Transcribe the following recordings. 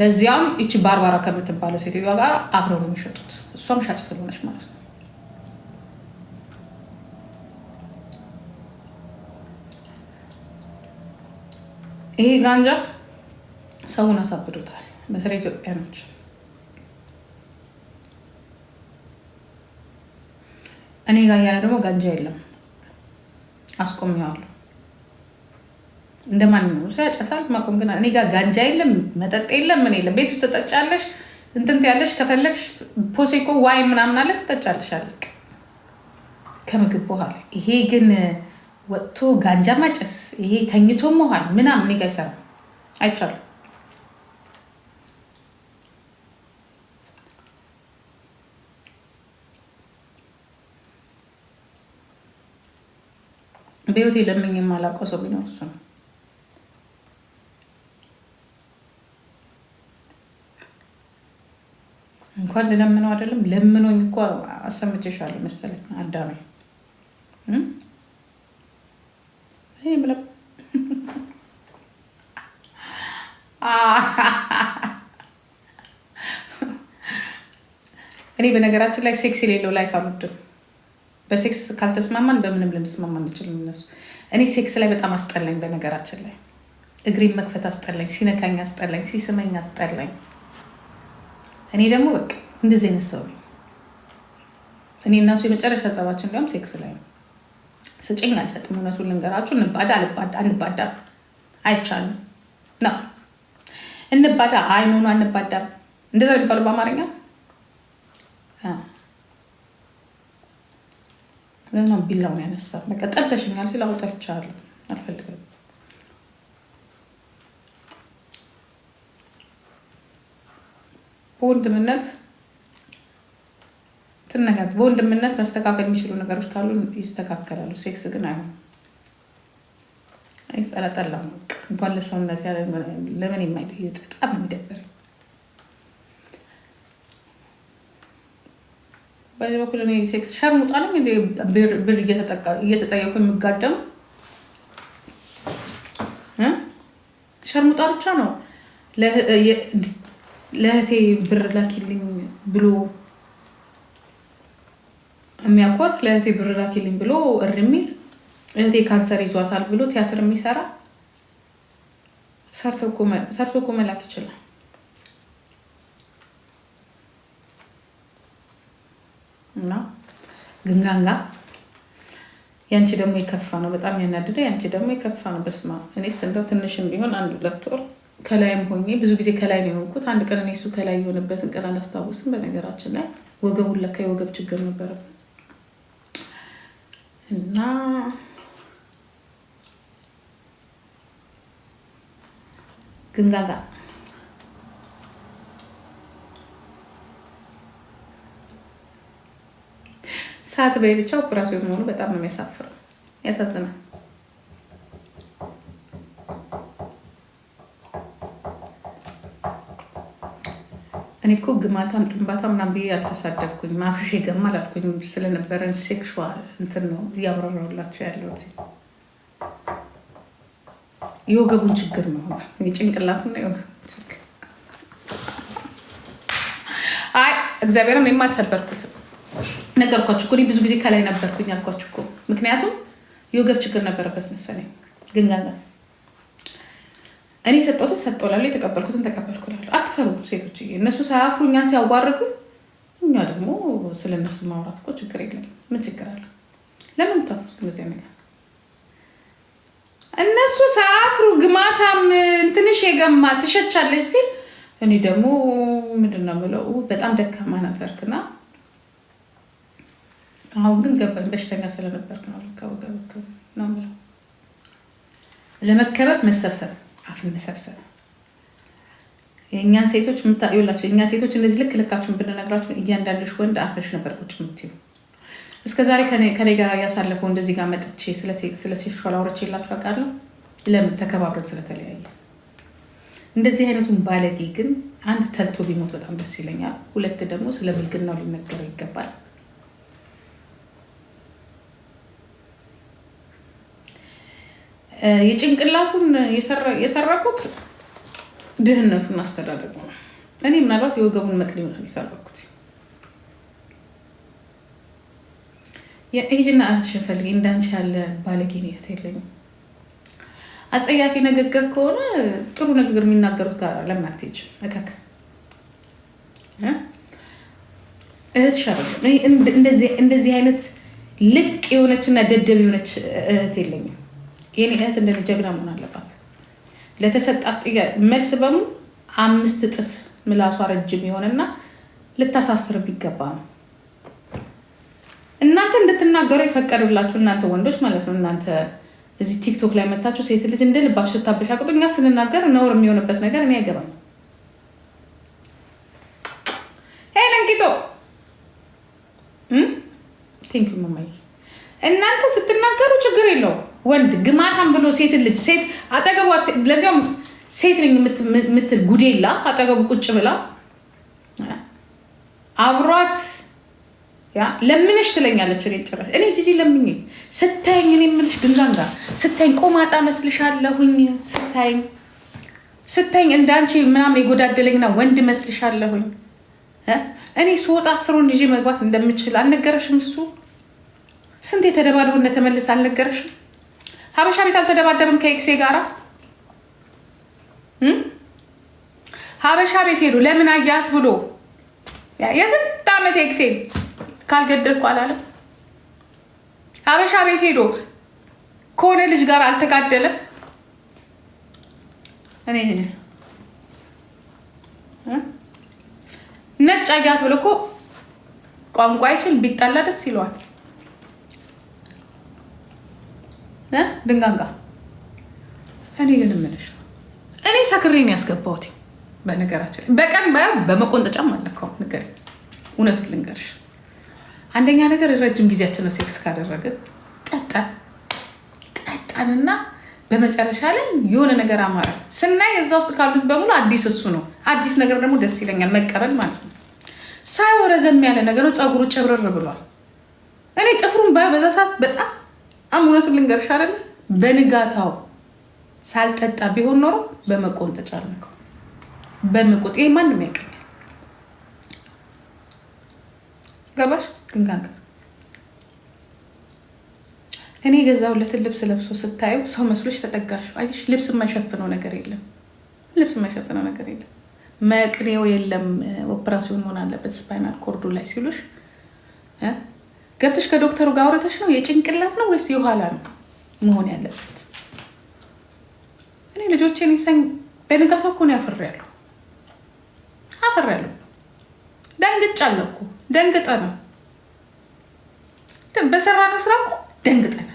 ለዚያም ይቺ ባርባራ ከምትባለው ሴትዮዋ ጋር አብረው ነው የሚሸጡት። እሷም ሻጭ ስለሆነች ማለት ነው። ይሄ ጋንጃ ሰውን አሳብዶታል። በተለይ ኢትዮጵያኖች እኔ ጋር ደግሞ ጋንጃ የለም አስቆሚዋለሁ። እንደ ማንኛውም ሰው ያጨሳል። ማቆም ግን እኔ ጋር ጋንጃ የለም፣ መጠጥ የለም፣ ምን የለም። ቤት ውስጥ ትጠጫለሽ፣ እንትንት ያለሽ ከፈለግሽ ፖሴኮ ዋይ ምናምን አለ ትጠጫለሽ፣ አለቅ ከምግብ በኋላ። ይሄ ግን ወጥቶ ጋንጃ ማጨስ ይሄ ተኝቶ መሃል ምናምን እኔ ጋ ይሰራ አይቻልም። በህይወቴ ለምኝ የማላውቀው ሰው ቢኖር እሱ ነው። እንኳን ልለምነው አይደለም ለምኖኝ እኮ አሰምቼሻለሁ መሰለኝ አዳሜ እኔ በነገራችን ላይ ሴክስ የሌለው ላይፍ አልወድም። በሴክስ ካልተስማማን በምንም ልንስማማ አንችልም። እነሱ እኔ ሴክስ ላይ በጣም አስጠላኝ። በነገራችን ላይ እግሬን መክፈት አስጠላኝ፣ ሲነካኝ አስጠላኝ፣ ሲስመኝ አስጠላኝ። እኔ ደግሞ በቃ እንደዚህ አይነት ሰው ነው። እኔ እናሱ የመጨረሻ ጸባችን እንዲያውም ሴክስ ላይ ነው። ስጭኝ አልሰጥም። እውነቱን ልንገራችሁ፣ እንባዳ እንባዳ አይቻልም ነው እንባዳ አይኖኑ አንባዳም። እንደዛ የሚባሉ በአማርኛ ቢላውን ያነሳ በቃ ጠልተሽኛል ሲል አውጠቻለሁ አልፈልግም በወንድምነት ትነጋት በወንድምነት መስተካከል የሚችሉ ነገሮች ካሉ ይስተካከላሉ። ሴክስ ግን አይሆን ጠላጠላ ባለ ሰውነት ለምን የማይ በጣም የሚደበር በዚህ በኩል እኔ ሴክስ ሸርሙጣለኝ ብር እየተጠየኩ የሚጋደሙ ሸርሙጣ ብቻ ነው። ለእህቴ ብር ላኪልኝ ብሎ የሚያኮር ለእህቴ ብር ላኪልኝ ብሎ እር የሚል እህቴ ካንሰር ይዟታል ብሎ ቲያትር የሚሰራ ሰርቶ እኮ መላክ ይችላል። እና ግንጋንጋ ያንቺ ደግሞ የከፋ ነው። በጣም ያናድደ ያንቺ ደግሞ የከፋ ነው። በስማ እኔስ እንደው ትንሽም ቢሆን አንድ ሁለት ወር ከላይም ሆኜ ብዙ ጊዜ ከላይ ነው የሆንኩት። አንድ ቀን እኔ እሱ ከላይ የሆነበትን ቀን አላስታውስም። በነገራችን ላይ ወገቡን ለካ የወገብ ችግር ነበረበት እና ግንጋጋ ሰዓት በይ ብቻ ኩራሱ የመሆኑ በጣም ነው የሚያሳፍረው፣ ያሳዝናል። እኔ እኮ ግማታም ጥንባታም ምናምን ብዬ አልተሳደብኩኝ። ማፍሽ ገማ አላልኩኝ። ስለነበረን ሴክሹዋል እንትን ነው እያብራራሁላቸው ያለሁት። የወገቡን ችግር ነው የጭንቅላቱና የወገቡን ችግር። አይ እግዚአብሔርም የም አልሰበርኩትም። ነገርኳችሁ እኮ ብዙ ጊዜ ከላይ ነበርኩኝ አልኳችሁ እኮ። ምክንያቱም የወገብ ችግር ነበረበት መሰለኝ ግን እኔ የሰጠሁትን ሰጠሁ እላለሁ፣ የተቀበልኩትን ተቀበልኩ አትፈሩ ሴቶች፣ እነሱ ሳያፍሩ እኛን ሲያዋርዱ፣ እኛ ደግሞ ስለ እነሱ ማውራት እኮ ችግር የለም። ምን ችግር አለው? ለምን ታፍሩት? እንደዚያ ነገር እነሱ ሳያፍሩ ግማታም ትንሽ የገማ ትሸቻለች ሲል እኔ ደግሞ ምንድን ነው የምለው፣ በጣም ደካማ ነበርክና አሁን ግን ገባኝ በሽተኛ ስለነበርክ ነው። ለመከበብ መሰብሰብ አፍን መሰብሰብ የእኛን ሴቶች ምታዩላቸው እኛ ሴቶች እንደዚህ ልክ ልካችሁን ብንነግራችሁ እያንዳንድሽ ወንድ አፍሽ ነበር ቁጭ ምትዩ። እስከዛሬ ከኔ ጋር እያሳለፈው እንደዚህ ጋር መጥቼ ስለ ሴክሹዋል አውርቼ የላችሁ አውቃለሁ። ለምን ተከባብረን ስለተለያየ። እንደዚህ አይነቱን ባለጌ ግን አንድ ተልቶ ቢሞት በጣም ደስ ይለኛል። ሁለት ደግሞ ስለ ብልግናው ሊነገረው ይገባል። የጭንቅላቱን የሰረኩት ድህነቱን አስተዳደጉ ነው። እኔ ምናልባት የወገቡን መቅድ ይሆናል የሰረኩት። የሂጂና እህትሽን ፈልጊ፣ እንዳንቺ ያለ ባለጌንያት እህት የለኝም። አጸያፊ ንግግር ከሆነ ጥሩ ንግግር የሚናገሩት ጋር ለማትጅ እከክ እህትሽ አይደለም። እንደዚህ አይነት ልቅ የሆነችና ደደብ የሆነች እህት የለኝም። የኔ እህት እንደ ጀግና መሆን አለባት። ለተሰጣት መልስ በሙሉ አምስት እጥፍ ምላሷ ረጅም የሆነና ልታሳፍር የሚገባ ነው። እናንተ እንድትናገሩ የፈቀድላችሁ እናንተ ወንዶች ማለት ነው። እናንተ እዚህ ቲክቶክ ላይ መታችሁ ሴት ልጅ እንደ ልባችሁ ስታበሻቅጡ እኛ ስንናገር ነውር የሚሆንበት ነገር እኔ አይገባም። ሄለን ቂጦ ቲንክ እናንተ ስትናገሩ ችግር የለውም። ወንድ ግማታም ብሎ ሴት ልጅ ሴት አጠገቧ ለዚያም ሴት ነኝ የምትል ጉዴላ አጠገቡ ቁጭ ብላ አብሯት ለምንሽ ትለኛለች። እኔ ጭራሽ እኔ ጂጂ ለምኝ ስታይኝ እኔ የምልሽ ግንጋም ጋር ስታየኝ ቆማጣ መስልሻለሁኝ ስታየኝ ስታይኝ እንደ አንቺ ምናምን የጎዳደለኝና ወንድ መስልሻለሁኝ። እኔ ስወጣ አስሮን ልጄ መግባት እንደምችል አልነገረሽም? እሱ ስንት የተደባደቡ እንደተመለስ አልነገረሽም? ሀበሻ ቤት አልተደባደብም ከኤክሴ ጋራ ሀበሻ ቤት ሄዱ። ለምን አያት ብሎ የስንት ዓመት ኤክሴ ካልገደልኩ አላለም። ሀበሻ ቤት ሄዶ ከሆነ ልጅ ጋር አልተጋደለም። እኔ ነጭ አያት ብሎ እኮ ቋንቋ አይችል ቢጣላ ደስ ይለዋል። ድንጋንጋ እኔ ግን ምንሽ እኔ ሰክሬን ያስገባሁት በነገራችን በቀን በመቆንጠጫም አለከው ነገር እውነቱን ልንገርሽ። አንደኛ ነገር ረጅም ጊዜያችን ነው ሴክስ ካደረግን ጠጣን ጠጣንና በመጨረሻ ላይ የሆነ ነገር አማረ ስናይ እዛ ውስጥ ካሉት በሙሉ አዲስ እሱ ነው። አዲስ ነገር ደግሞ ደስ ይለኛል መቀበል ማለት ነው። ሳይ ረዘም ያለ ነገር ነው። ፀጉሩ ጨብረር ብሏል። እኔ ጥፍሩን ባ በዛ ሰዓት በጣም እውነቱን ልንገርሽ አይደለ በንጋታው ሳልጠጣ ቢሆን ኖሮ በመቆንጠጫ አልነካው በመቆጥ ይሄ ማንም ያውቀኛል። ገባሽ ግንጋንጋ እኔ የገዛሁለትን ልብስ ለብሶ ስታየው ሰው መስሎች ተጠጋሽ። አየሽ ልብስ የማይሸፍነው ነገር የለም። ልብስ የማይሸፍነው ነገር የለም። መቅኔው የለም። ኦፕራሲዮን መሆን አለበት ስፓይናል ኮርዱ ላይ ሲሉሽ ገብተሽ ከዶክተሩ ጋር አውረተሽ ነው የጭንቅላት ነው ወይስ የኋላ ነው መሆን ያለበት? እኔ ልጆቼን ይሰኝ በንጋታ እኮ ነው ያፈሪያለሁ አፈሪያለሁ። ደንግጫለሁ እኮ ደንግጠ ነው በሰራ ነው ስራ እኮ ደንግጠናል፣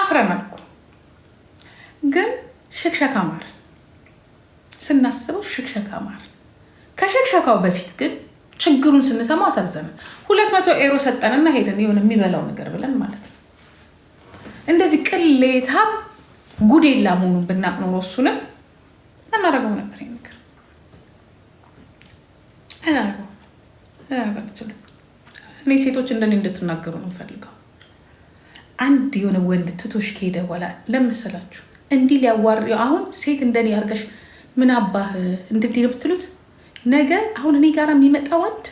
አፍረናል እኮ ግን ሽክሸካ ማርን ስናስበው ሽክሸካ ማርን ከሽክሸካው በፊት ግን ችግሩን ስንሰማ አሳዘመ። ሁለት መቶ ኤሮ ሰጠንና ሄደን የሆነ የሚበላው ነገር ብለን ማለት ነው። እንደዚህ ቅሌታም ጉዴላ መሆኑን ብናቅ ኖሮ እሱንም እናደርገው ነበር። ነገር እኔ ሴቶች እንደኔ እንድትናገሩ ነው ፈልገው። አንድ የሆነ ወንድ ትቶሽ ከሄደ በኋላ ለምሰላችሁ እንዲህ ሊያዋር አሁን ሴት እንደኔ አድርገሽ ምን አባህ እንድትል ብትሉት ነገ አሁን እኔ ጋር የሚመጣ ወንድ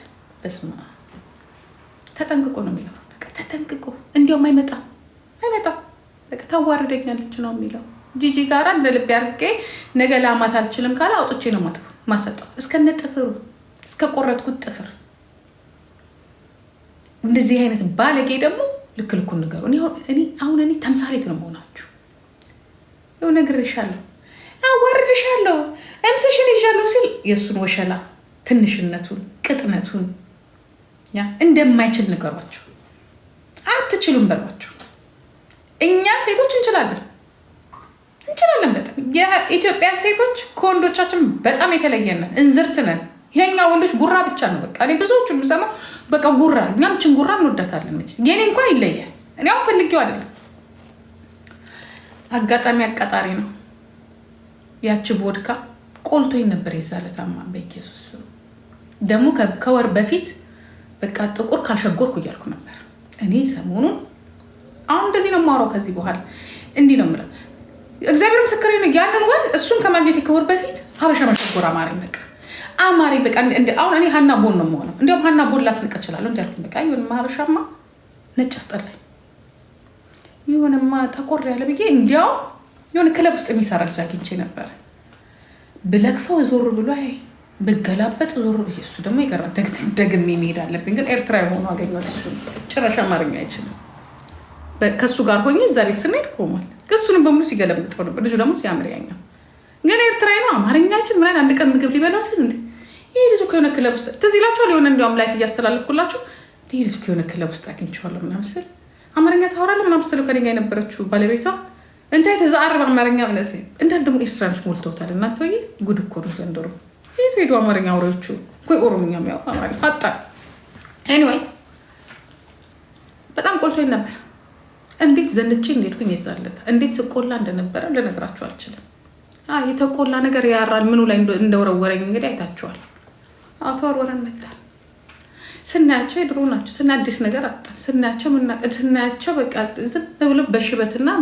እስማ ተጠንቅቆ ነው የሚለው። በቃ ተጠንቅቆ እንዲያውም አይመጣም አይመጣም በቃ ታዋርደኛለች ነው የሚለው። ጂጂ ጋራ እንደ ልቤ አድርጌ ነገ ላማት አልችልም ካለ አውጥቼ ነው ማጥፍ ማሰጠው እስከነ ጥፍሩ እስከ ቆረጥኩት ጥፍር። እንደዚህ አይነት ባለጌ ደግሞ ልክ ልኩን ንገሩ። አሁን እኔ ተምሳሌት ነው መሆናችሁ። ይኸው ነግሬሻለሁ፣ አዋርድሻለሁ እምስሽን ይዣለሁ ሲል የእሱን ወሸላ ትንሽነቱን ቅጥነቱን እንደማይችል ንገሯቸው። አትችሉም በሏቸው። እኛ ሴቶች እንችላለን እንችላለን። በጣም የኢትዮጵያ ሴቶች ከወንዶቻችን በጣም የተለየነን ነን፣ እንዝርት ነን። የኛ ወንዶች ጉራ ብቻ ነው በቃ። እኔ ብዙዎቹ የምሰማው በቃ ጉራ፣ እኛም ችን ጉራ እንወዳታለን። የኔ እንኳን ይለያል። እኔ አሁን ፈልጌው አይደለም አጋጣሚ አቃጣሪ ነው ያቺ ቦድካ ቆልቶኝ ነበር የዛለታማ በኢየሱስ ስም። ደግሞ ከወር በፊት በቃ ጥቁር ካልሸጎርኩ እያልኩ ነበር እኔ ሰሞኑን። አሁን እንደዚህ ነው የማወራው። ከዚህ በኋላ እንዲህ ነው የምለው። እግዚአብሔር ምስክሬ ነው። ያንን ወር እሱን ከማግኘት ከወር በፊት ሀበሻ መሸጎር አማረኝ። በቃ አማረኝ። በቃ አሁን እኔ ሀና ቦን ነው የምሆነው። እንዲያውም ሀና ቦን ላስንቀ እችላለሁ እንዲያልኩ በቃ ይሁንማ፣ ሀበሻማ ነጭ አስጠላኝ። ይሁንማ ጠቆር ያለ ብዬ እንዲያውም የሆነ ክለብ ውስጥ የሚሰራ ልጅ አግኝቼ ነበር ብለክፈው ዞር ብሎ ብገላበጥ ዞር እሱ ደግሞ ይቀርባል። ደግሜ የሚሄድ አለብኝ። ግን ኤርትራ የሆኑ አገኘት እሱ ጭራሽ አማርኛ አይችልም። ከእሱ ጋር ሆኜ እዛ ቤት ስናሄድ ቆሟል። እሱንም በሙ ሲገለምጠው ነበር። ልጁ ደግሞ ሲያምር ያኛው ግን ኤርትራዊ ነው አማርኛ አይችልም። ምናምን አንድ ቀን ምግብ ሊበላ ሲል እንደ ይሄ ልጁ ከሆነ ክለብ ውስጥ ትዝ ይላችኋል። የሆነ እንዲያውም ላይፍ እያስተላለፍኩላችሁ ይህ ልጁ ከሆነ ክለብ ውስጥ አግኝቼዋለሁ ምናምን ስል አማርኛ ታወራለህ ምናምን ስትለው ከእኔ ጋር የነበረችው ባለቤቷ እንታይ ተዛዓረብ አማርኛ መለሰኝ እንዳል ደግሞ ኤርትራኖች ሞልተውታል። እናንተ ይ ጉድ እኮ ነው ዘንድሮ። የት ሄዱ አማርኛ አውሬዎቹ? ወይ ኦሮምኛ የሚያው አማርኛ አጣ። ኤኒዌይ በጣም ቆልቶኝ ነበር። እንዴት ዘንጬ እንደሄድኩኝ ይዛለት እንዴት ስቆላ እንደነበረ ልነግራችሁ አልችልም። የተቆላ ነገር ያራል። ምኑ ላይ እንደወረወረኝ እንግዲህ አይታችኋል። ተወርወረን መጣል ስናያቸው የድሮ ናቸው። ስና አዲስ ነገር አጣን ስናያቸው ስናያቸው በቃ ዝም ብሎ በሽበትና